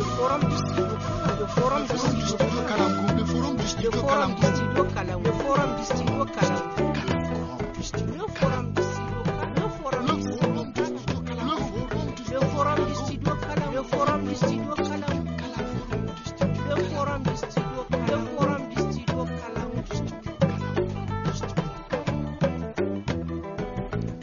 Forum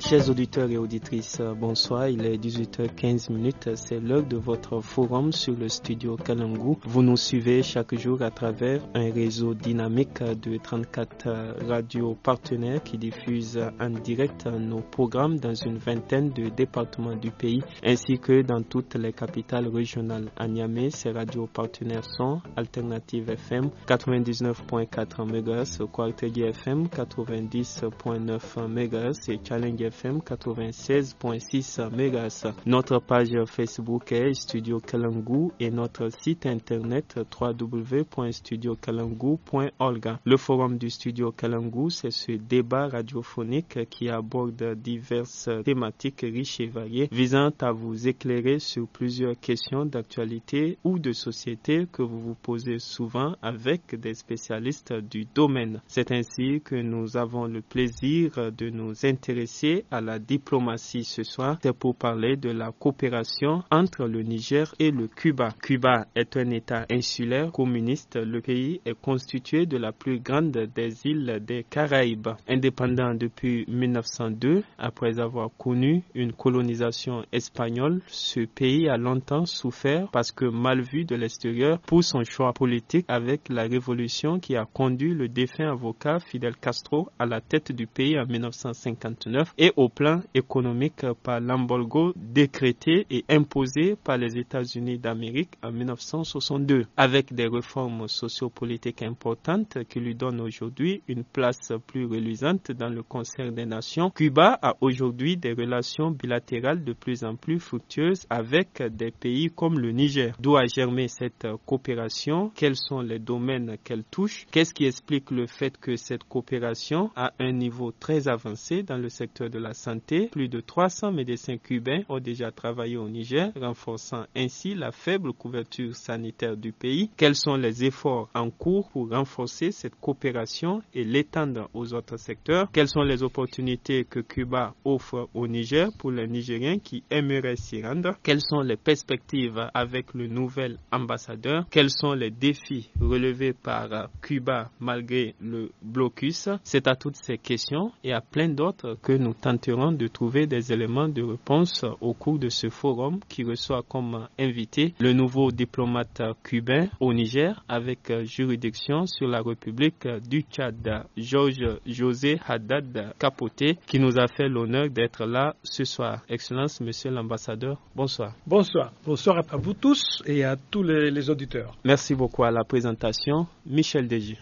Chers auditeurs et auditrices, euh, bonsoir. Il est 18h15 C'est l'heure de votre forum sur le studio Kalangu. Vous nous suivez chaque jour à travers un réseau dynamique de 34 euh, radios partenaires qui diffusent en direct nos programmes dans une vingtaine de départements du pays ainsi que dans toutes les capitales régionales. À Niamey, ces radios partenaires sont Alternative FM 99.4 MHz, Quartier FM 90.9 MHz et Challenge FM 96.6 MHz. Notre page Facebook est Studio Kalangu et notre site internet www.studiokalangu.org. Le forum du Studio Kalangu, c'est ce débat radiophonique qui aborde diverses thématiques riches et variées visant à vous éclairer sur plusieurs questions d'actualité ou de société que vous vous posez souvent avec des spécialistes du domaine. C'est ainsi que nous avons le plaisir de nous intéresser à la diplomatie ce soir, c'est pour parler de la coopération entre le Niger et le Cuba. Cuba est un État insulaire communiste. Le pays est constitué de la plus grande des îles des Caraïbes. Indépendant depuis 1902, après avoir connu une colonisation espagnole, ce pays a longtemps souffert parce que mal vu de l'extérieur pour son choix politique avec la révolution qui a conduit le défunt avocat Fidel Castro à la tête du pays en 1959 et au plan économique par l'embargo décrété et imposé par les États-Unis d'Amérique en 1962, avec des réformes sociopolitiques importantes qui lui donnent aujourd'hui une place plus reluisante dans le concert des nations. Cuba a aujourd'hui des relations bilatérales de plus en plus fructueuses avec des pays comme le Niger. D'où a germé cette coopération Quels sont les domaines qu'elle touche Qu'est-ce qui explique le fait que cette coopération a un niveau très avancé dans le secteur de la santé, plus de 300 médecins cubains ont déjà travaillé au Niger, renforçant ainsi la faible couverture sanitaire du pays. Quels sont les efforts en cours pour renforcer cette coopération et l'étendre aux autres secteurs Quelles sont les opportunités que Cuba offre au Niger pour les Nigériens qui aimeraient s'y rendre Quelles sont les perspectives avec le nouvel ambassadeur Quels sont les défis relevés par Cuba malgré le blocus C'est à toutes ces questions et à plein d'autres que nous tentons tenterons de trouver des éléments de réponse au cours de ce forum qui reçoit comme invité le nouveau diplomate cubain au Niger avec juridiction sur la République du Tchad, Georges José Haddad Capote, qui nous a fait l'honneur d'être là ce soir. Excellence, Monsieur l'ambassadeur, bonsoir. Bonsoir. Bonsoir à vous tous et à tous les, auditeurs. Merci beaucoup à la présentation. Michel Degi.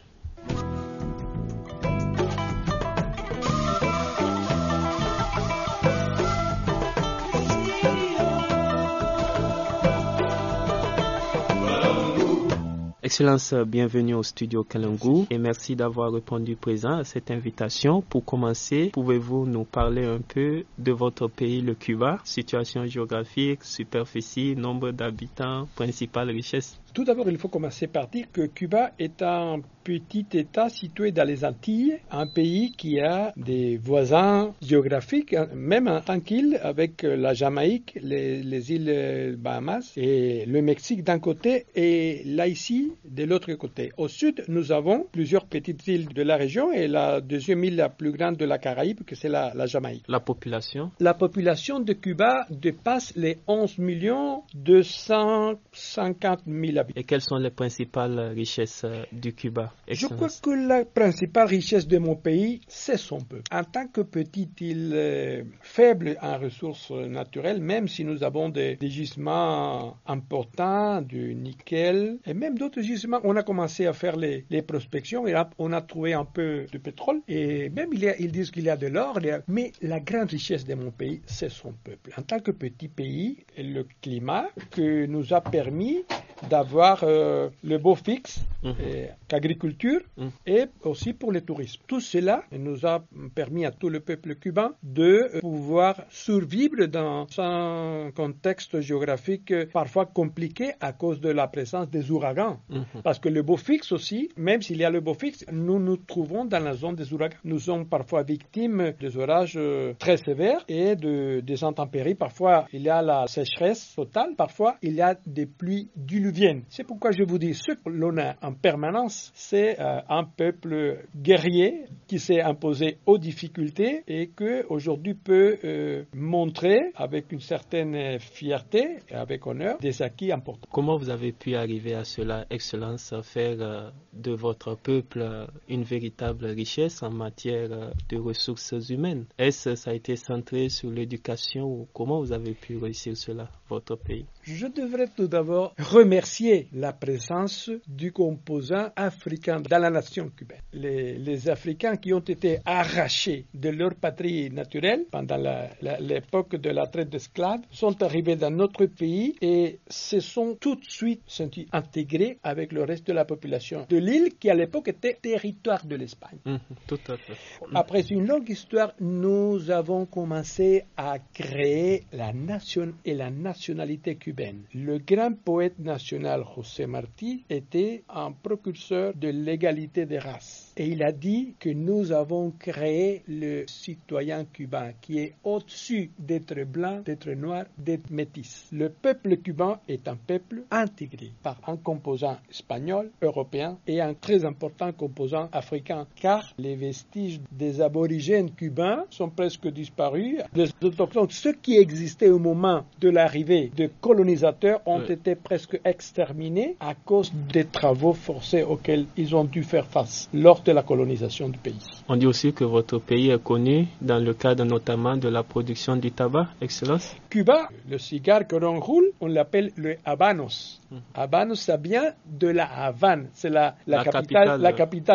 Excellence, euh, bienvenue au studio Kalangu et merci d'avoir répondu présent à cette invitation. Pour commencer, pouvez-vous nous parler un peu de votre pays, le Cuba, situation géographique, superficie, nombre d'habitants, principales richesses tout d'abord, il faut commencer par dire que Cuba est un petit État situé dans les Antilles, un pays qui a des voisins géographiques, même en qu'île, avec la Jamaïque, les, îles Bahamas et le Mexique d'un côté et l'Haïti de l'autre côté. Au sud, nous avons plusieurs petites îles de la région et la deuxième île la plus grande de la Caraïbe, que c'est la, Jamaïque. La population La population de Cuba dépasse les 11 millions 250 000 et quelles sont les principales richesses euh, du Cuba Je crois que la principale richesse de mon pays, c'est son peuple. En tant que petite île faible en ressources naturelles, même si nous avons des, gisements importants, du nickel et même d'autres gisements, on a commencé à faire les, prospections et on a trouvé un peu de pétrole. Et même il ils disent qu'il y a de l'or, mais la grande richesse de mon pays, c'est son peuple. En tant que petit pays, le climat que nous a permis d'avoir voir euh, le beau fixe, mhm. qu'agriculture l'agriculture mhm. et aussi pour le tourisme. Tout cela nous a permis à tout le peuple cubain de pouvoir survivre dans un contexte géographique parfois compliqué à cause de la présence des ouragans. Mhm. Parce que le beau fixe aussi, même s'il y a le beau fixe, nous nous trouvons dans la zone des ouragans. Nous sommes parfois victimes des orages euh, très sévères et de, des intempéries. Parfois, il y a la sécheresse totale. Parfois, il y a des pluies diluviennes. C'est pourquoi je vous dis, ce que l'on a en permanence, c'est euh, un peuple guerrier qui s'est imposé aux difficultés et que aujourd'hui peut euh, montrer avec une certaine fierté et avec honneur des acquis importants. Comment vous avez pu arriver à cela, Excellence, faire euh, de votre peuple une véritable richesse en matière de ressources humaines Est-ce ça a été centré sur l'éducation ou comment vous avez pu réussir cela, votre pays je devrais tout d'abord remercier la présence du composant africain dans la nation cubaine. Les, Africains qui ont été arrachés de leur patrie naturelle pendant l'époque de la traite d'esclaves sont arrivés dans notre pays et se sont tout de suite sentis intégrés avec le reste de la population de l'île qui à l'époque était territoire de l'Espagne. Mmh, tout à fait. Mmh. Après une longue histoire, nous avons commencé à créer la nation et la nationalité cubaine le grand poète national José Martí était un précurseur de l'égalité des races. Et il a dit que nous avons créé le citoyen cubain qui est au-dessus d'être blanc, d'être noir, d'être métis. Le peuple cubain est un peuple intégré par un composant espagnol, européen et un très important composant africain car les vestiges des aborigènes cubains sont presque disparus. Les ceux qui existaient au moment de l'arrivée des colonisateurs ont été presque exterminés à cause des travaux forcés auxquels ils ont dû faire face la colonisation du pays. On dit aussi que votre pays est connu dans le cadre notamment de la production du tabac, Excellence. Cuba, le cigare que l'on roule, on l'appelle le habanos. Mhm. Habanos, ça vient de la Havane, c'est la, capitale,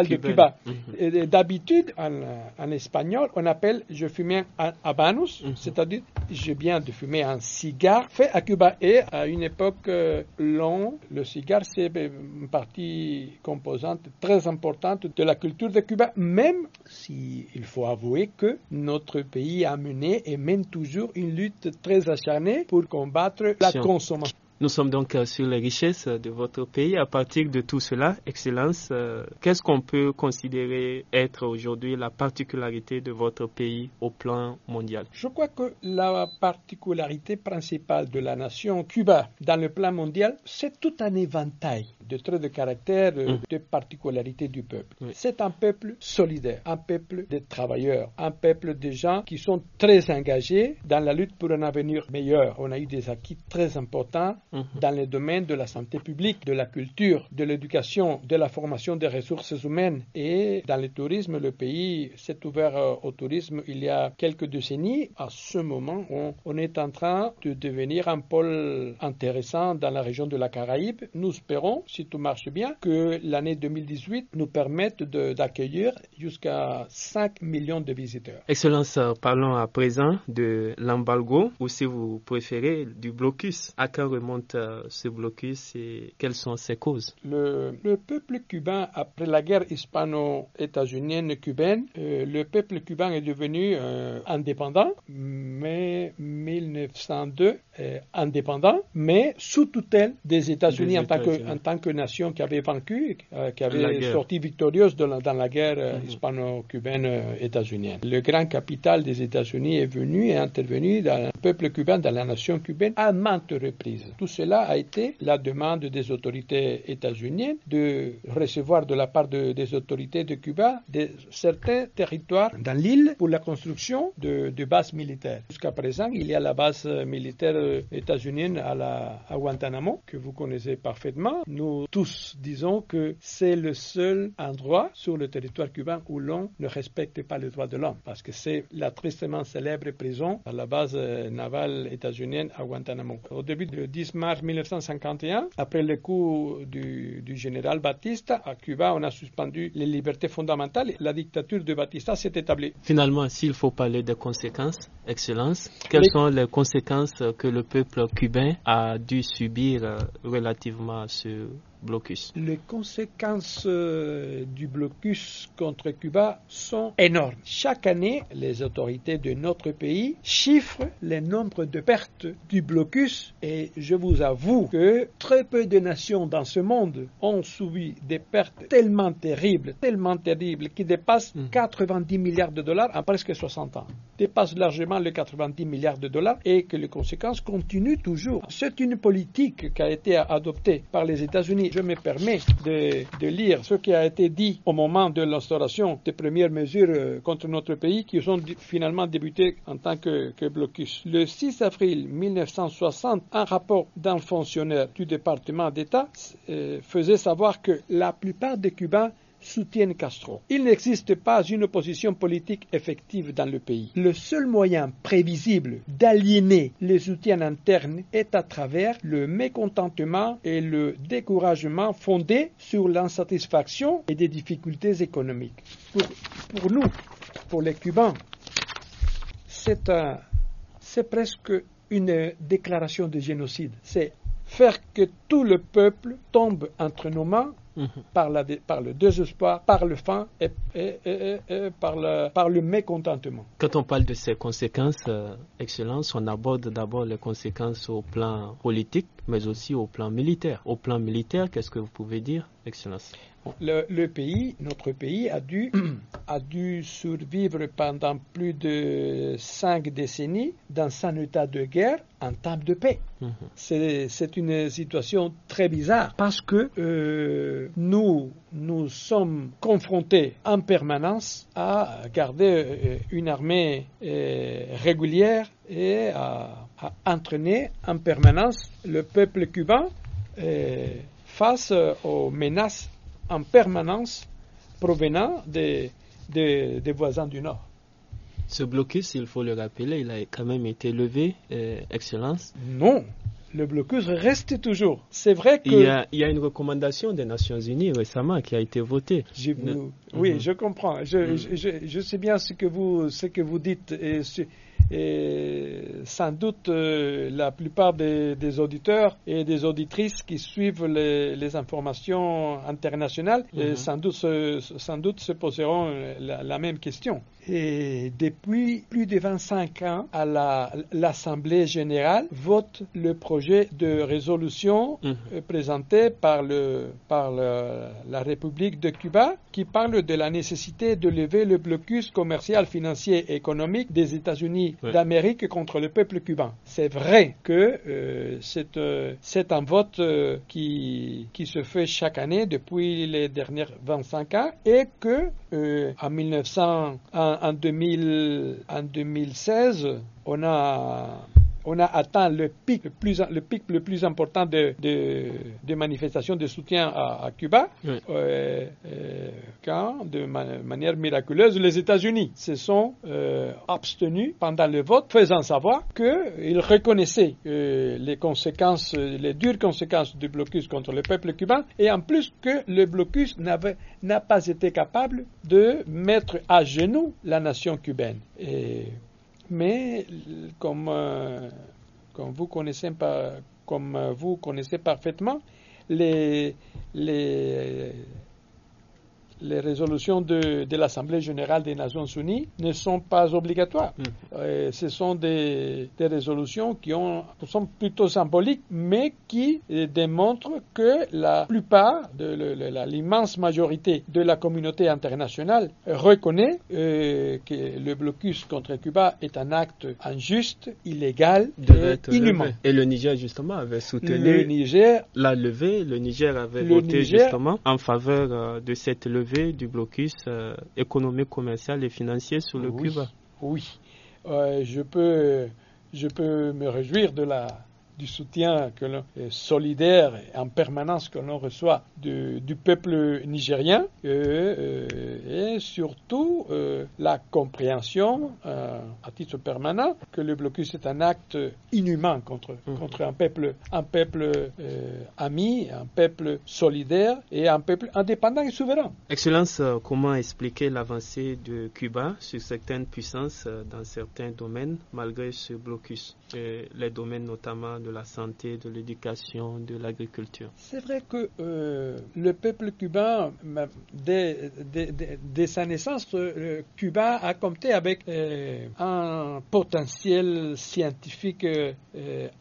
de Cuba. Mhm. D'habitude, en, espagnol, on appelle je fume un Habanos, mhm. c'est-à-dire je viens de fumer un cigare fait à Cuba. Et à une époque euh, longue, le cigare, c'est une partie composante très importante de la culture de Cuba, même si il faut avouer que notre pays a mené et mène toujours une lutte très acharnée pour combattre la consommation. Nous sommes donc euh, sur les richesses euh, de votre pays. À partir de tout cela, Excellence, euh, qu'est-ce qu'on peut considérer être aujourd'hui la particularité de votre pays au plan mondial Je crois que la particularité principale de la nation Cuba dans le plan mondial, c'est tout un éventail de traits de caractère, mhm. de particularités du peuple. C'est un peuple solidaire, un peuple de travailleurs, un peuple de gens qui sont très engagés dans la lutte pour un avenir meilleur. On a eu des acquis très importants Mhm. dans les domaines de la santé publique, de la culture, de l'éducation, de la formation des ressources humaines et dans le tourisme. Le pays s'est ouvert euh, au tourisme il y a quelques décennies. À ce moment, on, on est en train de devenir un pôle intéressant dans la région de la Caraïbe. Nous espérons, si tout marche bien, que l'année 2018 nous permette d'accueillir jusqu'à 5 millions de visiteurs. Excellence, euh, parlons à présent de l'embargo ou si vous préférez du blocus à mon euh, se bloquer quelles sont ses causes Le, peuple cubain, après la guerre hispano-états-unienne cubaine, euh, le peuple cubain est devenu euh, indépendant, mais 1902 indépendant, mais sous tutelle des États-Unis en, en, tant que nation qui avait vaincu, qui avait sorti victorieuse dans la guerre mm-hmm. hispano-cubaine états-unienne. Le grand capital des États-Unis est venu et intervenu dans le peuple cubain, dans la nation cubaine, à maintes reprises. Tout cela a été la demande des autorités états-uniennes de recevoir de la part des autorités de Cuba de certains territoires dans l'île pour la construction de, bases militaires. Jusqu'à présent, il y a la base militaire états-unienne à, Guantanamo, que vous connaissez parfaitement. Nous tous disons que c'est le seul endroit sur le territoire cubain où l'on ne respecte pas les droits de l'homme, parce que c'est la tristement célèbre prison à la base navale états-unienne à Guantanamo. Au début du 10 mars 1951, après le coup du, général Batista, à Cuba, on a suspendu les libertés fondamentales. La dictature de Batista s'est établie. Finalement, s'il faut parler des conséquences, Excellence, quelles sont les conséquences que le peuple cubain a dû subir euh, relativement à ce blocus Les conséquences euh, du blocus contre Cuba sont énormes. Chaque année, les autorités de notre pays chiffrent les nombres de pertes du blocus et je vous avoue que très peu de nations dans ce monde ont subi des pertes tellement terribles, tellement terribles, qui dépassent 90 hmm. milliards de dollars en presque 60 ans, dépassent largement les 90 milliards de dollars et que les conséquences continuent toujours. C'est une politique qui a été adoptée par les États-Unis je me permets de, lire ce qui a été dit au moment de l'instauration des premières mesures euh, contre notre pays qui ont finalement débuté en tant que, que blocus. Le 6 avril 1960, un rapport d'un fonctionnaire du département d'État euh, faisait savoir que la plupart des Cubains soutiennent Castro. Il n'existe pas une opposition politique effective dans le pays. Le seul moyen prévisible d'aliéner les soutiens internes est à travers le mécontentement et le découragement fondés sur l'insatisfaction et des difficultés économiques. Pour, nous, pour les Cubains, c'est presque une déclaration de génocide. C'est faire que tout le peuple tombe entre nos mains mhm. par, par, le désespoir, par le faim et, par, le, mécontentement. Quand on parle de ces conséquences, euh, Excellence, on aborde d'abord les conséquences au plan politique, mais aussi au plan militaire. Au plan militaire, qu'est-ce que vous pouvez dire, Excellence le, pays, notre pays, a dû, survivre pendant plus de cinq décennies dans un état de guerre en temps de paix. Mhm. C'est une situation très bizarre parce que euh, nous, nous sommes confrontés en permanence à garder euh, une armée euh, régulière et à, entraîner en permanence le peuple cubain. face aux menaces en permanence provenant des, des, voisins du Nord. Ce blocus, il faut le rappeler, il a quand même été levé, euh, Excellence Non, le blocus reste toujours. C'est vrai que... Il y, a, une recommandation des Nations Unies récemment qui a été votée. Oui, mhm. je comprends. Mhm. Je, je, je, sais bien ce que vous, ce que vous dites. Et et sans doute, euh, la plupart des, auditeurs et des auditrices qui suivent les, informations internationales, euh, mhm. sans, doute, sans doute se poseront euh, la, même question. Et depuis plus de 25 ans, à l'Assemblée générale vote le projet de résolution mhm. présenté par, le, par la République de Cuba qui parle de la nécessité de lever le blocus commercial, financier et économique des États-Unis d'Amérique contre le peuple cubain. C'est vrai que euh, euh, c'est un vote euh, qui, se fait chaque année depuis les dernières 25 ans et que en, en, en 2016, on a on a atteint le pic le plus, pic le plus important de, de, manifestations de soutien à, Cuba, euh, euh, quand, de manière miraculeuse, les États-Unis se sont euh, abstenus pendant le vote, faisant savoir qu'ils reconnaissaient les conséquences, les dures conséquences du blocus contre le peuple cubain, et en plus que le blocus n'a pas été capable de mettre à genoux la nation cubaine. Mais comme, euh, comme, vous, connaissez par, comme vous connaissez parfaitement, les, les les résolutions de, l'Assemblée générale des Nations unies ne sont pas obligatoires. Mm. Euh, ce sont des, résolutions qui ont, sont plutôt symboliques, mais qui euh, démontrent que la plupart, l'immense majorité de la communauté internationale reconnaît euh, que le blocus contre Cuba est un acte injuste, illégal, et inhumain. Et le Niger, justement, avait soutenu le Niger, la levée. Le Niger avait voté, justement, en faveur de cette levée du blocus euh, économique, commercial et financier sur le Cuba. Oui, euh, je, peux, je peux me réjouir de la, du soutien que euh, solidaire en permanence que l'on reçoit du, peuple nigérien euh, euh, et, surtout la compréhension à titre permanent que le blocus est un acte inhumain contre, mhm. contre un peuple, un peuple ami, un peuple solidaire et un peuple indépendant et souverain. Excellence, comment expliquer l'avancée de Cuba sur certaines puissances dans certains domaines malgré ce blocus, les domaines notamment de la santé, de l'éducation, de l'agriculture. C'est vrai que euh, le peuple cubain, dès, sa naissance, euh, Cuba a compté avec euh, un potentiel scientifique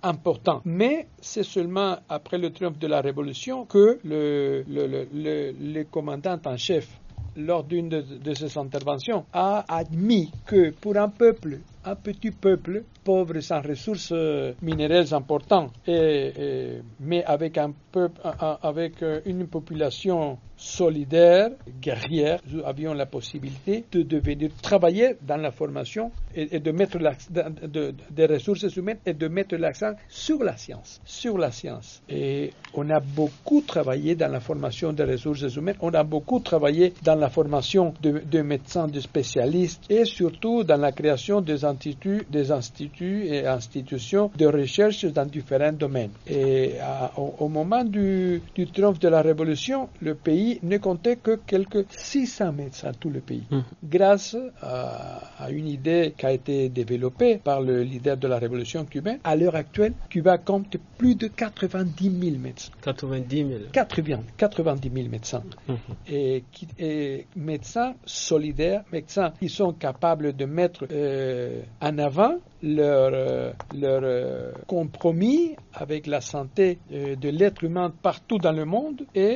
important. Mais c'est seulement après le triomphe de la Révolution que le, le, le, le commandant en chef lors d'une de, ses interventions, a admis que pour un peuple, un petit peuple, pauvre sans ressources euh, minérales importantes, mais avec, un peuple, avec euh, une population solidaire, guerrière. Nous avions la possibilité de, devenir travailler dans la formation et, de mettre des ressources humaines et de mettre l'accent sur la science, sur la science. Et on a beaucoup travaillé dans la formation des ressources humaines, on a beaucoup travaillé dans la formation de, médecins, de spécialistes et surtout dans la création des instituts, des instituts et institutions de recherche dans différents domaines. Et au, moment du, du triomphe de la Révolution, le pays ne comptait que quelques 600 médecins, tout le pays. Hum. Grâce à, une idée qui a été développée par le leader de la révolution cubaine, à l'heure actuelle, Cuba compte plus de 90 000 médecins. 90 000 80, 90 000 médecins. Hum. Et, médecins solidaires, médecins qui sont capables de mettre euh, en avant leur, euh, leur euh, compromis avec la santé de l'être humain partout dans le monde et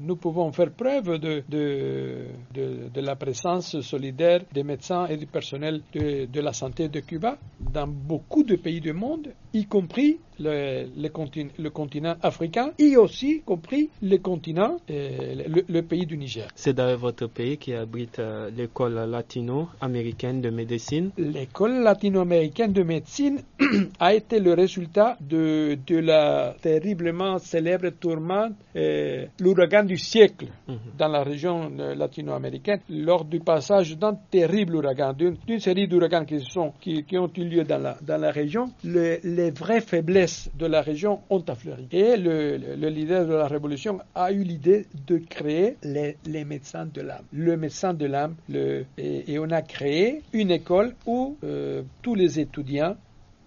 nous pouvons faire preuve de, de, la présence solidaire des médecins et du personnel de, de, la santé de Cuba dans beaucoup de pays du monde, y compris le, le, continent, le continent africain et aussi compris le continent, euh, le, le, pays du Niger. C'est dans votre pays qui abrite euh, l'école latino-américaine de médecine. L'école latino-américaine de médecine a été le résultat de, de la terriblement célèbre tourmente, euh, l'ouragan du siècle mhm. dans la région euh, latino-américaine lors du passage d'un terrible ouragan, d'une série d'ouragans qui, sont, qui, ont eu lieu dans la, dans la région. les vraies faiblesses de la région ont affleuré. Et le, leader de la révolution a eu l'idée de créer les, médecins de l'âme. Le médecin de l'âme. Et, et, on a créé une école où euh, tous les étudiants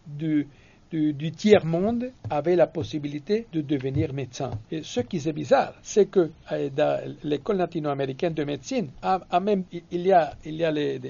du du, tiers-monde avaient la possibilité de devenir médecin. Et ce qui est bizarre, c'est que euh, dans l'école latino-américaine de médecine, a, même, il y a, il y a des,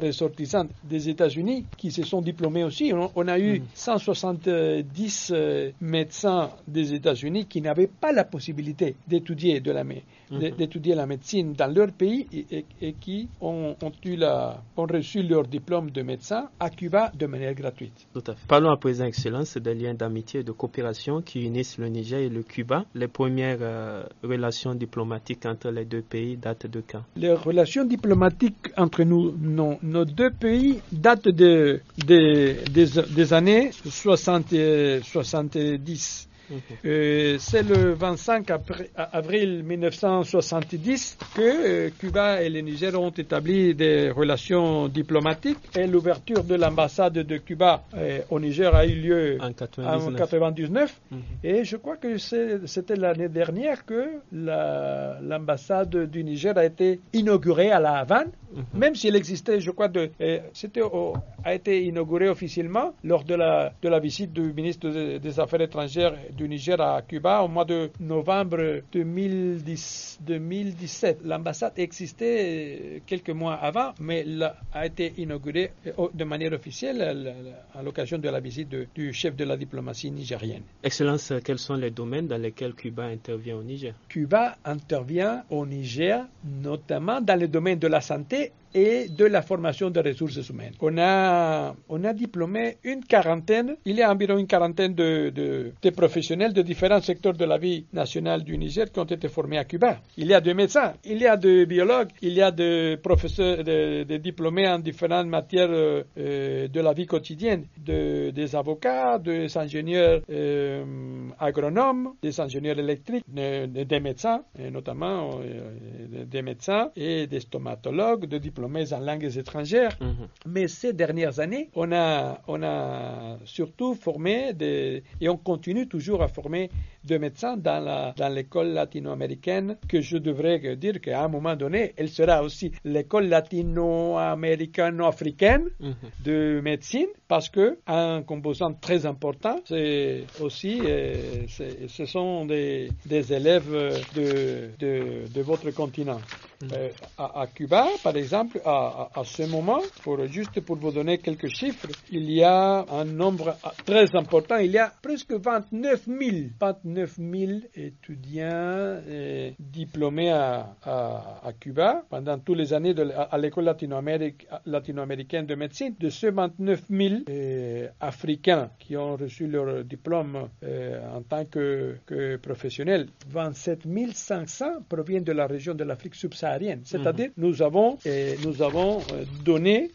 ressortissants des États-Unis qui se sont diplômés aussi. On, a eu 170 mm. euh, médecins des États-Unis qui n'avaient pas la possibilité d'étudier de la mm-hmm. d'étudier la médecine dans leur pays et, qui ont, eu la, ont reçu leur diplôme de médecin à Cuba de manière gratuite. Tout à fait. Parlons à présent Excellence des liens d'amitié et de coopération qui unissent le Niger et le Cuba. Les premières euh, relations diplomatiques entre les deux pays datent de quand Les relations diplomatiques entre nous, non. Nos deux pays datent de, des, années 60, 70. Euh, euh, c'est le 25 avril 1970 que euh, Cuba et le Niger ont établi des relations diplomatiques et l'ouverture de l'ambassade de Cuba euh, au Niger a eu lieu en 1999. Mhm. Et je crois que c'était l'année dernière que l'ambassade du Niger a été inaugurée à La Havane, mhm. même s'il existait, je crois, de, c'était au a été inauguré officiellement lors de la, de la visite du ministre des, Affaires étrangères du Niger à Cuba au mois de novembre 2017. L'ambassade existait euh, quelques mois avant, mais a été inaugurée euh, de manière officielle à l'occasion de la visite du chef de la diplomatie nigérienne. Excellence, quels sont les domaines dans lesquels Cuba intervient au Niger Cuba intervient au Niger notamment dans le domaine de la santé et de la formation des ressources humaines. On a, on a diplômé une quarantaine, il y a environ une quarantaine de, de, professionnels de différents secteurs de la vie nationale du Niger qui ont été formés à Cuba. Il y a des médecins, il y a des biologues, il y a des professeurs, des, diplômés en différentes matières euh, euh, de la vie quotidienne, de, des avocats, des ingénieurs euh, agronomes, des ingénieurs électriques, des médecins, notamment des médecins et des stomatologues, des diplômés mais en langues étrangères. Mhm. Mais ces dernières années, on a, on a surtout formé des, et on continue toujours à former de médecins dans l'école dans latino-américaine, que je devrais dire qu'à un moment donné, elle sera aussi l'école latino-américano-africaine mhm. de médecine, parce que un composant très important, c'est aussi, euh, ce sont des, des élèves de, de, de, votre continent. Mhm. Euh, à, Cuba, par exemple, à, à, ce moment, pour, juste pour vous donner quelques chiffres, il y a un nombre ah, très important, il y a presque 29 000, 29 000 étudiants eh, diplômés à, Cuba pendant toutes les années de, à, l'école latino-américaine de médecine. De ces 29 000 Africains qui ont reçu leur diplôme eh, en tant que, professionnels, 27 500 proviennent de la région de l'Afrique subsaharienne. C'est-à-dire, mhm. nous avons, eh, nous avons donné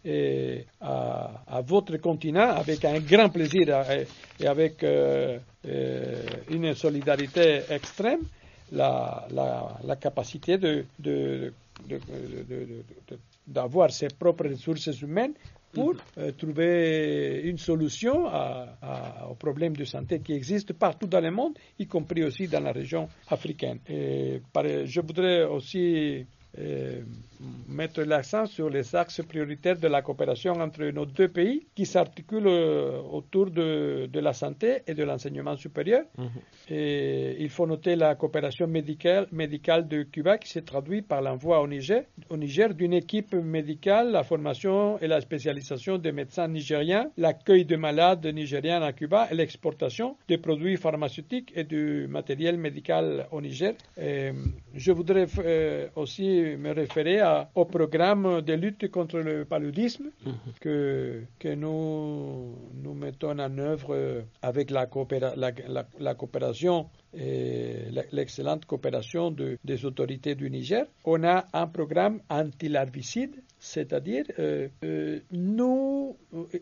à, votre continent avec un grand plaisir et avec euh, euh, une solidarité extrême, la, capacité de, d'avoir ses propres ressources humaines pour mhm. euh, trouver une solution aux problèmes de santé qui existent partout dans le monde, y compris aussi dans la région africaine. je voudrais aussi euh, mettre l'accent sur les axes prioritaires de la coopération entre nos deux pays qui s'articulent euh, autour de, la santé et de l'enseignement supérieur. Mhm. Et il faut noter la coopération médicale, médicale de Cuba qui s'est traduite par l'envoi au Niger, Niger d'une équipe médicale, la formation et la spécialisation des médecins nigériens, l'accueil de malades nigériens à Cuba et l'exportation des produits pharmaceutiques et du matériel médical au Niger. je voudrais euh, aussi me référer à, au programme de lutte contre le paludisme mhm. que, que nous, nous mettons en œuvre euh, avec la, la, coopération et l'excellente coopération de, des autorités du Niger. On a un programme anti-larvicide c'est-à-dire, euh, euh, nous,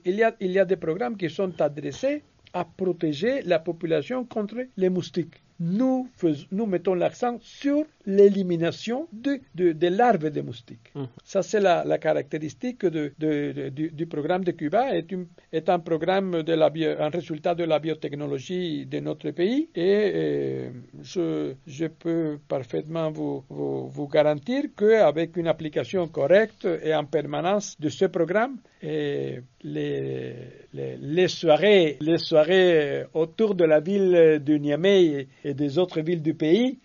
il y, a, il y a des programmes qui sont adressés à protéger la population contre les moustiques nous, nous mettons l'accent sur l'élimination de, de, des larves de moustiques. Mm-hmm. Ça, c'est la, caractéristique du, programme de Cuba, est, un programme, un résultat de la biotechnologie de notre pays et, euh, je, peux parfaitement vous, vous, garantir qu'avec une application correcte et en permanence de ce programme, les, les, soirées, les soirées autour de la ville de Niamey et des autres villes du pays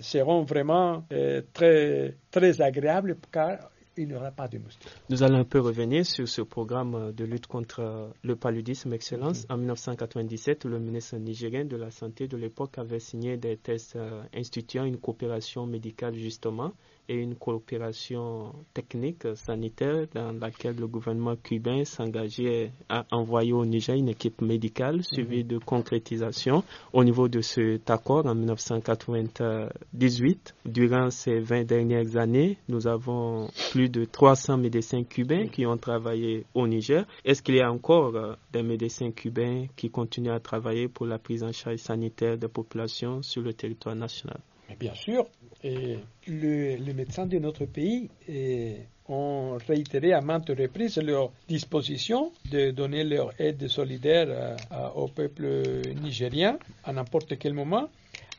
seront vraiment euh, très, très agréables car il n'y aura pas de moustiques. Nous allons un peu revenir sur ce programme euh, de lutte contre euh, le paludisme Excellence. Mm-hmm. En 1997, le ministre nigérien de la Santé de l'époque avait signé des tests instituant une coopération médicale justement et une coopération technique sanitaire dans laquelle le gouvernement cubain s'engageait à envoyer au Niger une équipe médicale suivie mhm. de concrétisation au niveau de cet accord en 1998. Durant ces 20 dernières années, nous avons plus de 300 médecins cubains qui ont travaillé au Niger. Est-ce qu'il y a encore euh, des médecins cubains qui continuent à travailler pour la prise en charge sanitaire des populations sur le territoire national bien sûr, les médecins de notre pays eh, ont réitéré à maintes reprises leur disposition de donner leur aide solidaire eh, au peuple nigérien à n'importe quel moment.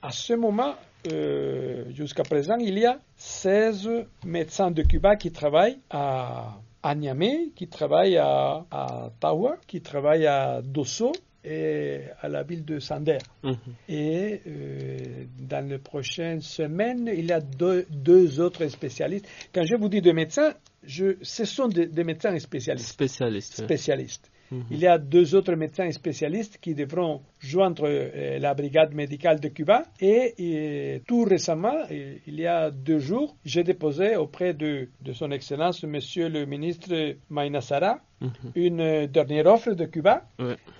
À ce moment, euh, jusqu'à présent, il y a 16 médecins de Cuba qui travaillent à Niamey, qui travaillent à, Tawa, qui travaillent à Dosso, et à la ville de Sander. Mhm. Et euh, dans les prochaines semaines, il y a deux, autres spécialistes. Quand je vous dis de médecins, je, ce sont des, médecins spécialistes. Spécialistes. Spécialistes. Il y a deux autres médecins spécialistes qui devront joindre euh, la brigade médicale de Cuba. Et, tout récemment, euh, il y a deux jours, j'ai déposé auprès de, son Excellence, Monsieur le ministre Maïna mhm. une dernière offre de Cuba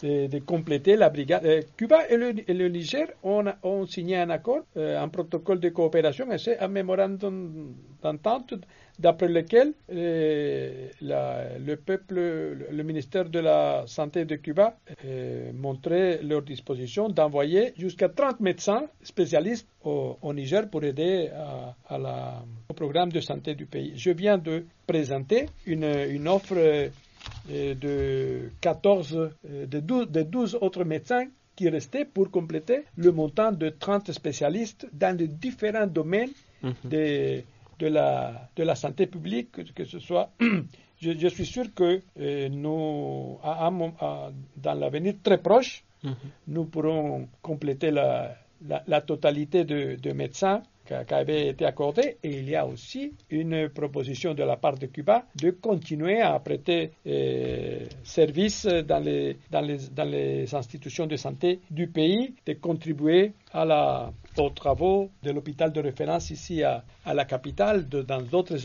de, compléter la brigade. Euh, Cuba et le, Niger ont, signé un accord, un protocole de coopération et c'est un mémorandum d'entente d'après lequel euh, le peuple, le ministère de la Santé de Cuba euh, montrait leur disposition d'envoyer jusqu'à 30 médecins spécialistes au, Niger pour aider à, la, au programme de santé du pays. Je viens de présenter une, offre euh, de 14, euh, de 12, de autres médecins qui restaient pour compléter le montant de 30 spécialistes dans les différents domaines mhm. des de la, de la santé publique, que ce soit. je, suis sûr que euh, nous, dans l'avenir très proche, mhm. nous pourrons compléter la, totalité de médecins qui avait été accordé. Et il y a aussi une proposition de la part de Cuba de continuer à prêter euh, service dans les, dans, les, dans les institutions de santé du pays, de contribuer à aux travaux de l'hôpital de référence ici à, à la capitale, dans d'autres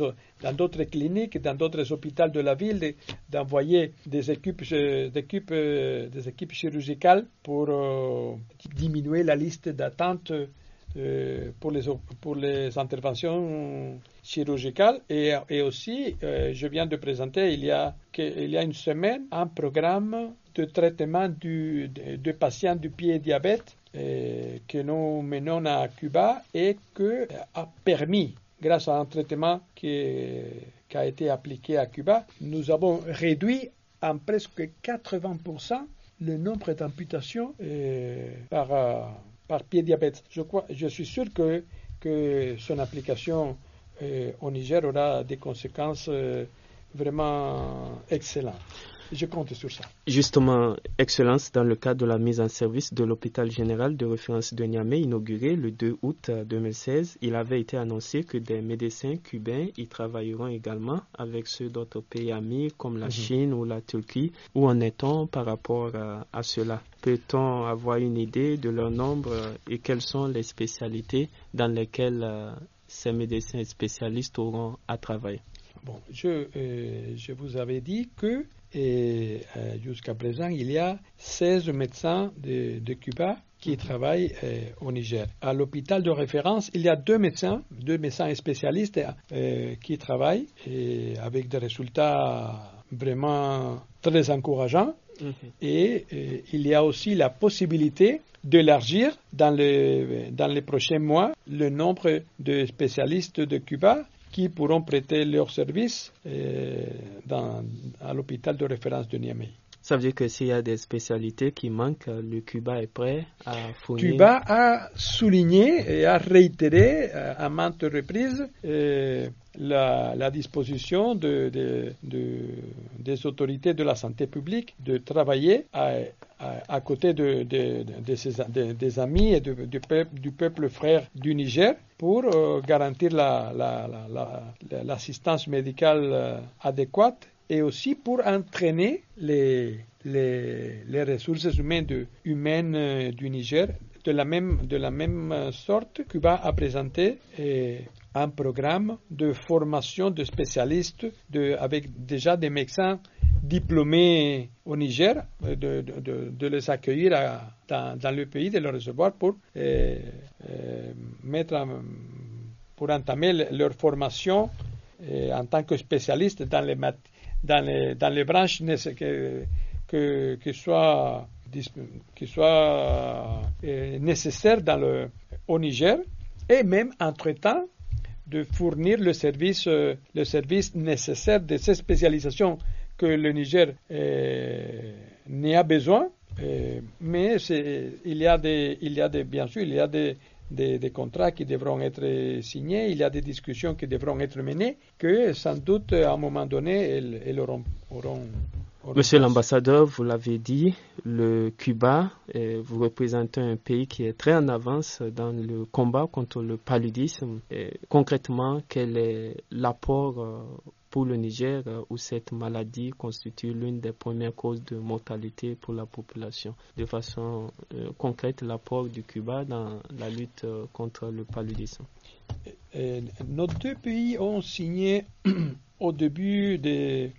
dans d'autres cliniques, dans d'autres hôpitaux de la ville, d'envoyer des équipes, euh, des équipes, euh, des équipes chirurgicales pour diminuer la liste d'attente euh, pour, les, pour les interventions chirurgicales. Et, aussi, euh, je viens de présenter il y, a, il y a une semaine un programme de traitement du, de, patients du pied diabète euh, que nous menons à Cuba et que a permis, grâce à un traitement qui, qui a été appliqué à Cuba, nous avons réduit en presque 80% le nombre d'amputations par par pied diabète. Je, suis sûr que, que son application euh, au Niger aura des conséquences euh, vraiment excellentes. Je compte sur ça. Justement, Excellence, dans le cadre de la mise en service de l'hôpital général de référence de Niamey inauguré le 2 août 2016, euh, il avait été annoncé que des médecins cubains y travailleront également avec ceux d'autres pays amis comme la mhm. Chine ou la Turquie. Où en est-on par rapport euh, à, cela Peut-on avoir une idée de leur nombre euh, et quelles sont les spécialités dans lesquelles ces médecins spécialistes auront à travailler Bon, je vous avais dit que et euh, jusqu'à présent, il y a 16 médecins de, Cuba qui mhm. travaillent euh, au Niger. À l'hôpital de référence, il y a deux médecins, deux médecins spécialistes euh, qui travaillent et avec des résultats vraiment très encourageants. Mhm. et, il y a aussi la possibilité d'élargir dans les prochains mois le nombre de spécialistes de Cuba qui pourront prêter leurs services euh, à l'hôpital de référence de Niamey. Ça veut dire que s'il y a des spécialités qui manquent, le Cuba est prêt à fournir. Cuba a souligné et a réitéré euh, à maintes reprises euh, la, disposition de, des autorités de la santé publique de travailler à, côté ses, des amis et du, peuple, du peuple frère du Niger pour euh, garantir l'assistance la, médicale adéquate et aussi pour entraîner les, les, les ressources humaines, euh, du Niger de la même, de la même euh, sorte Cuba a présenté euh, un programme de formation de spécialistes de, avec déjà des médecins diplômés au Niger, de, de, les accueillir dans, le pays, de les recevoir pour mettre pour entamer leur formation en tant que spécialistes dans les matières dans les, branches que, que, qui soient, qui euh, nécessaires dans le, au Niger et même entre-temps de fournir le service, euh, le service nécessaire de ces spécialisations que le Niger euh, n'a besoin. Euh, mais il y, a des, il y a des, bien sûr, il y a des des, contrats qui devront être signés, il y a des discussions qui devront être menées, que sans doute à un moment donné, elles, auront, Monsieur l'ambassadeur, vous l'avez dit, le Cuba, eh, vous représentez un pays qui est très en avance dans le combat contre le paludisme. Et concrètement, quel est l'apport euh, pour le Niger, euh, où cette maladie constitue l'une des premières causes de mortalité pour la population. De façon euh, concrète, l'apport du Cuba dans la lutte euh, contre le paludisme. nos deux pays ont signé au début des,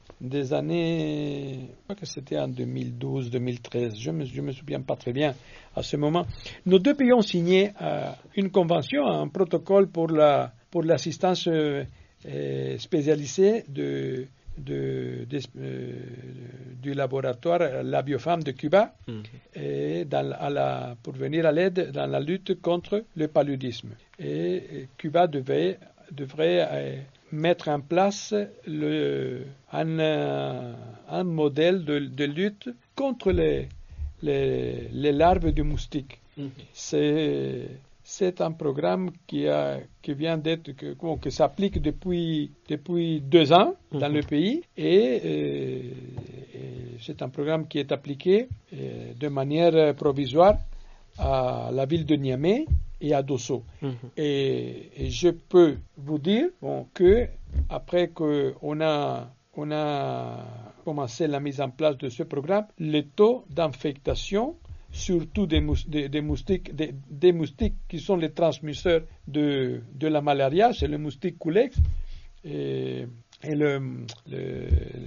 années, je crois que c'était en 2012-2013, je ne me, souviens pas très bien à ce moment, nos deux pays ont signé une convention, un protocole pour la pour l'assistance euh, spécialisé euh, du laboratoire La de Cuba hmm. pour venir à l'aide dans la lutte contre le paludisme. Et, Cuba devait, devrait euh, mettre en place un, modèle de, lutte contre les, larves du moustique hmm. C'est c'est un programme qui, vient d'être, que, s'applique depuis, deux ans dans le mhm. pays euh, et, c'est un programme qui est appliqué euh, de manière provisoire à la ville de Niamey et à Dosso. Mhm. Et, je peux vous dire bon, que après qu'on a, a commencé la mise en place de ce programme, le taux d'infectation surtout des, moustiques, des, moustiques qui sont les transmisseurs de, la malaria, c'est le moustique Culex et,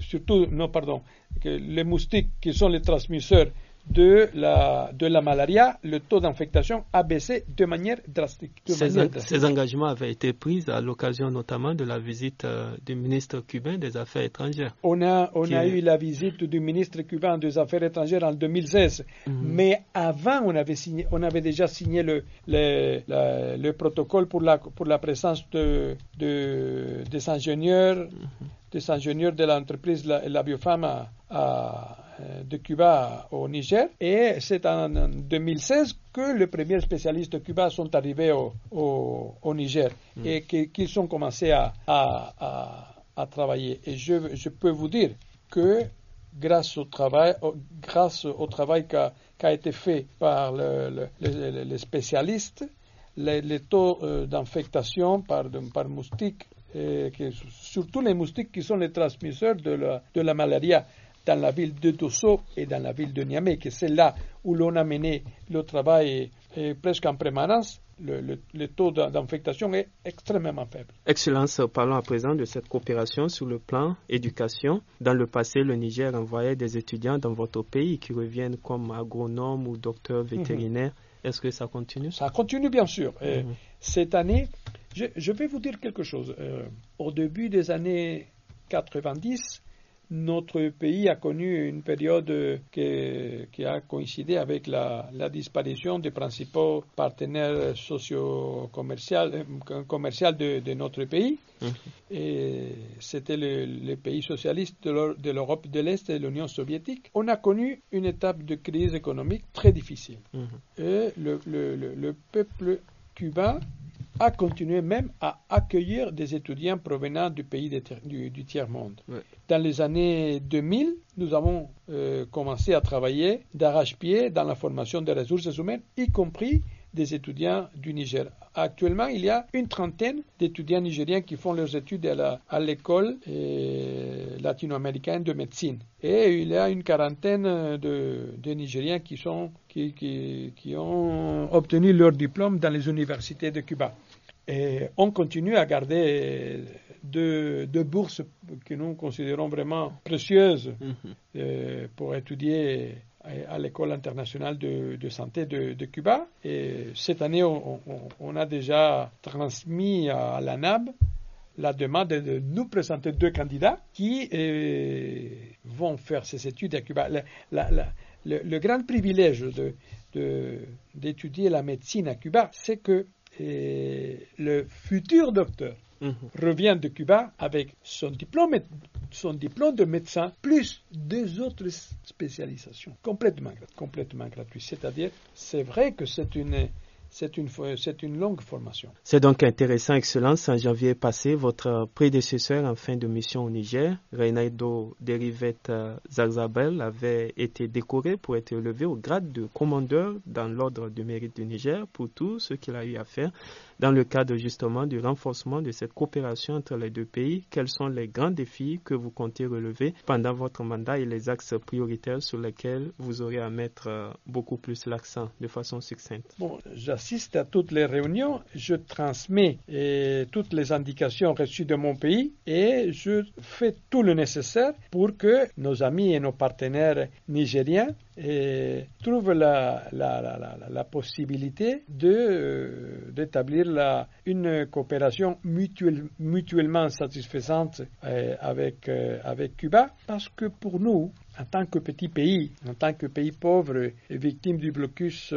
surtout, non pardon, les moustiques qui sont les transmisseurs de la, de la malaria, le taux d'infectation a baissé de manière drastique. ces, engagements avaient été pris à l'occasion notamment de la visite euh, du ministre cubain des Affaires étrangères. On a, eu la visite du ministre cubain des Affaires étrangères en 2016, mhm. mais avant, on avait, signé, on avait déjà signé le, protocole pour la, présence de, des ingénieurs. Mhm des ingénieurs de l'entreprise la, la Biofama euh, de Cuba au Niger. Et c'est en 2016 que les premiers spécialistes de Cuba sont arrivés au, Niger mm. et qu'ils ont commencé à, travailler. Et je, peux vous dire que grâce au travail, grâce au travail qui a, été fait par les spécialistes, les, taux euh, d'infectation par, par moustiques euh, surtout les moustiques qui sont les transmisseurs de la, malaria dans la ville de Dosso et dans la ville de Niamey, que c'est là où l'on a mené le travail euh, euh, presque en permanence, le, taux d'infectation est extrêmement faible. Excellence, parlons à présent de cette coopération sur le plan éducation. Dans le passé, le Niger envoyait des étudiants dans votre pays qui reviennent comme agronomes ou docteurs mhm. vétérinaires. Est-ce que ça continue Ça continue, bien sûr. Mhm. Cette année, je, vais vous dire quelque chose. Euh, au début des années 90, notre pays a connu une période qui a coïncidé avec la, disparition des principaux partenaires socio-commerciaux euh, de, de, notre pays. Mmh. Et c'était les pays socialistes de l'Europe de l'Est et l'Union soviétique. On a connu une étape de crise économique très difficile. Mmh. Et le, le peuple cubain a continué même à accueillir des étudiants provenant du pays du, tiers-monde. Dans les années 2000, nous avons euh, commencé à travailler d'arrache-pied dans la formation des ressources humaines, y compris des étudiants du Niger. Actuellement, il y a une trentaine d'étudiants nigériens qui font leurs études à l'école euh, latino-américaine de médecine. Et il y a une quarantaine de, Nigériens qui, qui ont obtenu leur diplôme dans les universités de Cuba on continue à garder deux, bourses que nous considérons vraiment précieuses mm-hmm. euh, pour étudier à l'école internationale de, santé de, Cuba. Et cette année, on, a déjà transmis à l'ANAB la demande de nous présenter deux candidats qui euh, vont faire ces études à Cuba. le, grand privilège de, d'étudier la médecine à Cuba, c'est que et le futur docteur mhm. revient de Cuba avec son diplôme, son diplôme de médecin plus deux autres spécialisations complètement, complètement gratuites. C'est-à-dire, c'est vrai que c'est une c'est une, une, longue formation. C'est donc intéressant, Excellence. En janvier passé, votre prédécesseur en fin de mission au Niger, Reinaido Derivette Zarzabel, avait été décoré pour être élevé au grade de commandeur dans l'ordre du mérite du Niger pour tout ce qu'il a eu à faire dans le cadre justement du renforcement de cette coopération entre les deux pays, quels sont les grands défis que vous comptez relever pendant votre mandat et les axes prioritaires sur lesquels vous aurez à mettre euh, beaucoup plus l'accent de façon succincte j'assiste à toutes les réunions, je transmets toutes les indications reçues de mon pays et je fais tout le nécessaire pour que nos amis et nos partenaires nigériens et trouve la, la, la, possibilité euh, d'établir une coopération mutuelle, mutuellement satisfaisante euh, avec, euh, avec Cuba, parce que pour nous, en tant que petit pays, en tant que pays pauvre et victime du blocus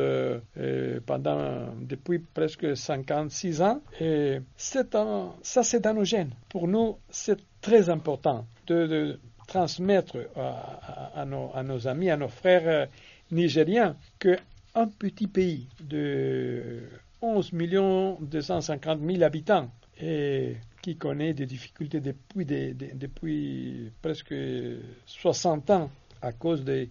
pendant depuis presque 56 ans, et ça c'est dans nos gènes. Pour nous, c'est très important de transmettre à, à, nos, amis, à nos frères euh, nigériens, qu'un petit pays de 11 250 000 habitants et qui connaît des difficultés depuis, des, depuis presque 60 ans à cause des,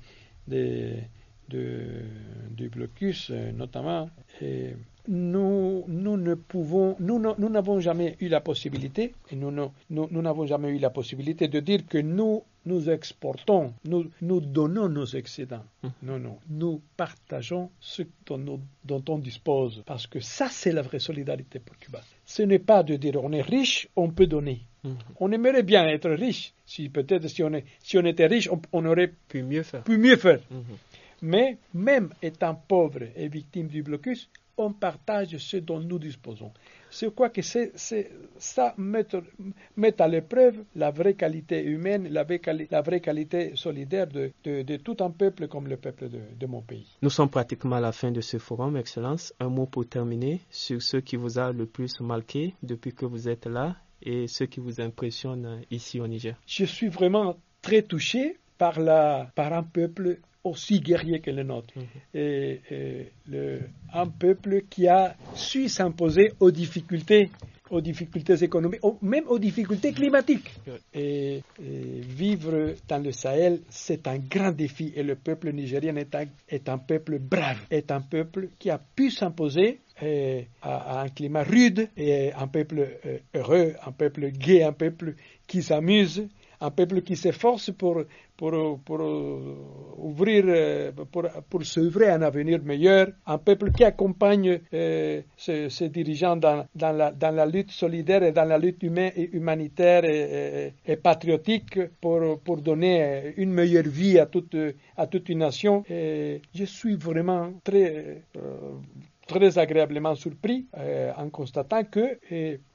du blocus euh, notamment. Et nous, nous ne pouvons, nous, n'avons jamais eu la possibilité, et nous, n'avons jamais eu la possibilité de dire que nous, nous exportons, nous, donnons nos excédents. Hum. Non, non, nous partageons ce dont, on dispose, parce que ça, c'est la vraie solidarité pour Cuba. Ce n'est pas de dire on est riche, on peut donner. Hum. On aimerait bien être riche. Si peut-être si on, si on était riche, on, aurait pu mieux faire. Pu mieux faire. Hum, Mais même étant pauvre et victime du blocus, on partage ce dont nous disposons. Je crois que c'est, ça met, à l'épreuve la vraie qualité humaine, la vraie, qualité solidaire de, tout un peuple comme le peuple de, mon pays. Nous sommes pratiquement à la fin de ce forum, Excellence. Un mot pour terminer sur ce qui vous a le plus marqué depuis que vous êtes là et ce qui vous impressionne ici au Niger. Je suis vraiment très touché par, par un peuple aussi guerrier que le nôtre. Mhm. Et, le, un peuple qui a su s'imposer aux difficultés, aux difficultés économiques, même aux difficultés climatiques. Et, vivre dans le Sahel, c'est un grand défi. Et le peuple nigérien est un, est un peuple brave, est un peuple qui a pu s'imposer eh, à, un climat rude, et un peuple eh, heureux, un peuple gai, un peuple qui s'amuse un peuple qui s'efforce pour, pour, pour euh, ouvrir, euh, pour, pour un avenir meilleur, un peuple qui accompagne euh, ses, dirigeants dans, dans, la, lutte solidaire et dans la lutte humaine et humanitaire et, patriotique pour, pour, donner une meilleure vie à toute, à toute une nation. Et je suis vraiment très, très agréablement surpris en constatant que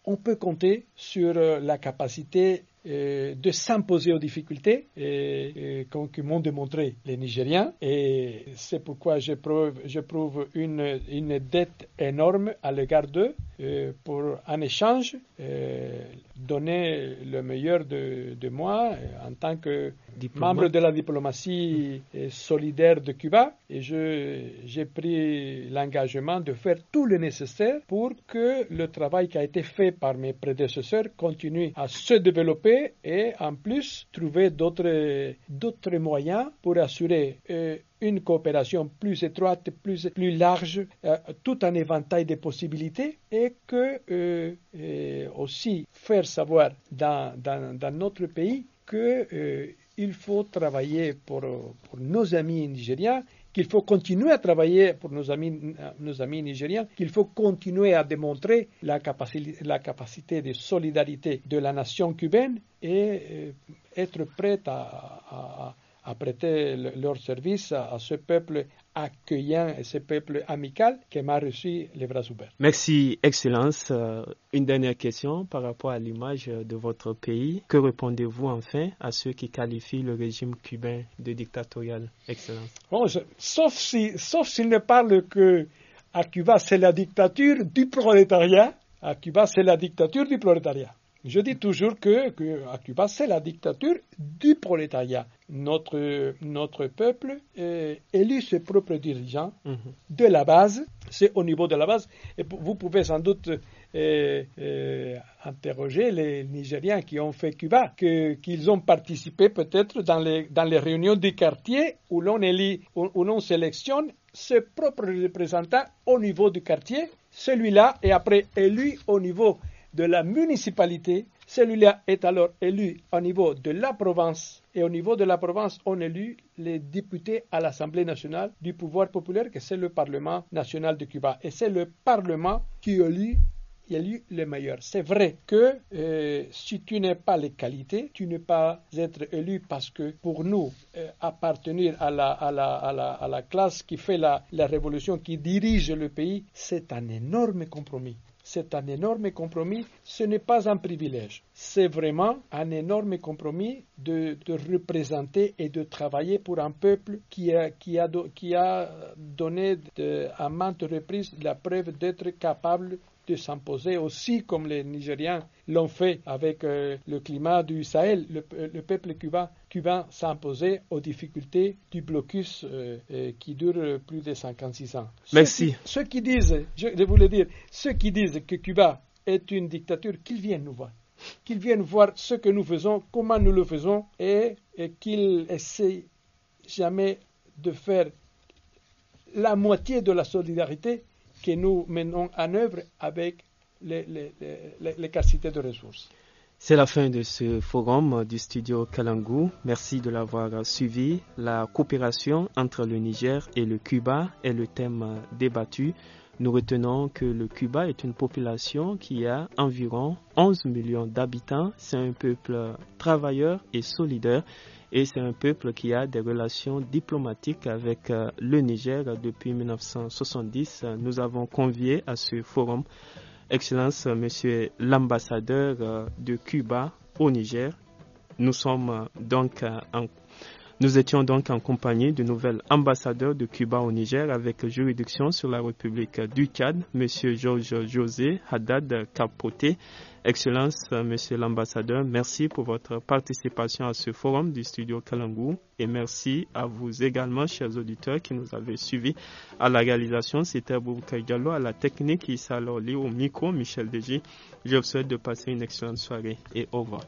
on peut compter sur la capacité euh, de s'imposer aux difficultés, et, comme m'ont démontré les Nigériens. Et c'est pourquoi j'éprouve une, une dette énorme à l'égard d'eux. Euh, pour en échange euh, donner le meilleur de, de moi euh, en tant que membre de la diplomatie solidaire de Cuba et j'ai pris l'engagement de faire tout le nécessaire pour que le travail qui a été fait par mes prédécesseurs continue à se développer et en plus trouver d'autres moyens pour assurer une coopération plus étroite, plus, plus large, euh, tout un éventail de possibilités et que euh, euh, aussi faire savoir dans, dans, notre pays qu'il faut travailler pour, nos amis nigériens qu'il faut continuer à travailler pour nos amis, nos amis nigériens, qu'il faut continuer à démontrer la, capacité, la capacité de solidarité de la nation cubaine et être prête à à prêter leur service à, ce peuple accueillant et ce peuple amical qui m'a reçu les bras ouverts. Merci, Excellence. Euh, une dernière question par rapport à l'image de votre pays. Que répondez-vous enfin à ceux qui qualifient le régime cubain de dictatorial, Excellence bon, Sauf s'ils sauf ne parlent que à Cuba, c'est la dictature du prolétariat. À Cuba, c'est la dictature du prolétariat. Je dis toujours que, à Cuba, c'est la dictature du prolétariat. Notre, peuple euh, élit ses propres dirigeants mhm. de la base, c'est au niveau de la base. vous pouvez sans doute euh, euh, interroger les Nigériens qui ont fait Cuba, qu'ils ont participé peut-être dans les, dans réunions du quartier où l'on élit, où l'on sélectionne ses propres représentants au niveau du quartier. Celui-là est après élu au niveau de la municipalité, celui-là est alors élu au niveau de la province. Et au niveau de la province, on élut les députés à l'Assemblée nationale du pouvoir populaire, que c'est le Parlement national de Cuba. Et c'est le Parlement qui élit le meilleur. C'est vrai que euh, si tu n'as pas les qualités, tu ne peux pas être élu parce que pour nous, euh, appartenir à la, classe qui fait la, révolution, qui dirige le pays, c'est un énorme compromis c'est un énorme compromis. Ce n'est pas un privilège. C'est vraiment un énorme compromis de, représenter et de travailler pour un peuple qui a, donné à maintes reprises la preuve d'être capable de s'imposer aussi comme les Nigériens l'ont fait avec euh, le climat du Sahel. Le, euh, peuple cubain, cubain s'imposer aux difficultés du blocus euh, qui dure plus de 56 ans. Merci. Ceux qui, disent, je, voulais dire, ceux qui disent que Cuba est une dictature, qu'ils viennent nous voir qu'ils viennent voir ce que nous faisons, comment nous le faisons, et, qu'ils essayent jamais de faire la moitié de la solidarité que nous menons en œuvre avec les, les capacités de ressources. C'est la fin de ce forum du studio Kalangu. Merci de l'avoir suivi. La coopération entre le Niger et le Cuba est le thème débattu. Nous retenons que le Cuba est une population qui a environ 11 millions d'habitants. C'est un peuple travailleur et solidaire. Et c'est un peuple qui a des relations diplomatiques avec euh, le Niger depuis 1970. Nous avons convié à ce forum Excellence, euh, Monsieur l'ambassadeur euh, de Cuba au Niger. Nous nous étions donc en compagnie du nouvel ambassadeur de Cuba au Niger avec juridiction sur la République du Tchad, Monsieur Georges José Haddad Capote, Excellence, euh, Monsieur l'ambassadeur, merci pour votre participation à ce forum du studio Kalangou et merci à vous également, chers auditeurs, qui nous avez suivis à la réalisation. C'était Boubou Diallo à la technique, Issa lié au micro, Michel Deji. Je vous souhaite de passer une excellente soirée et au revoir.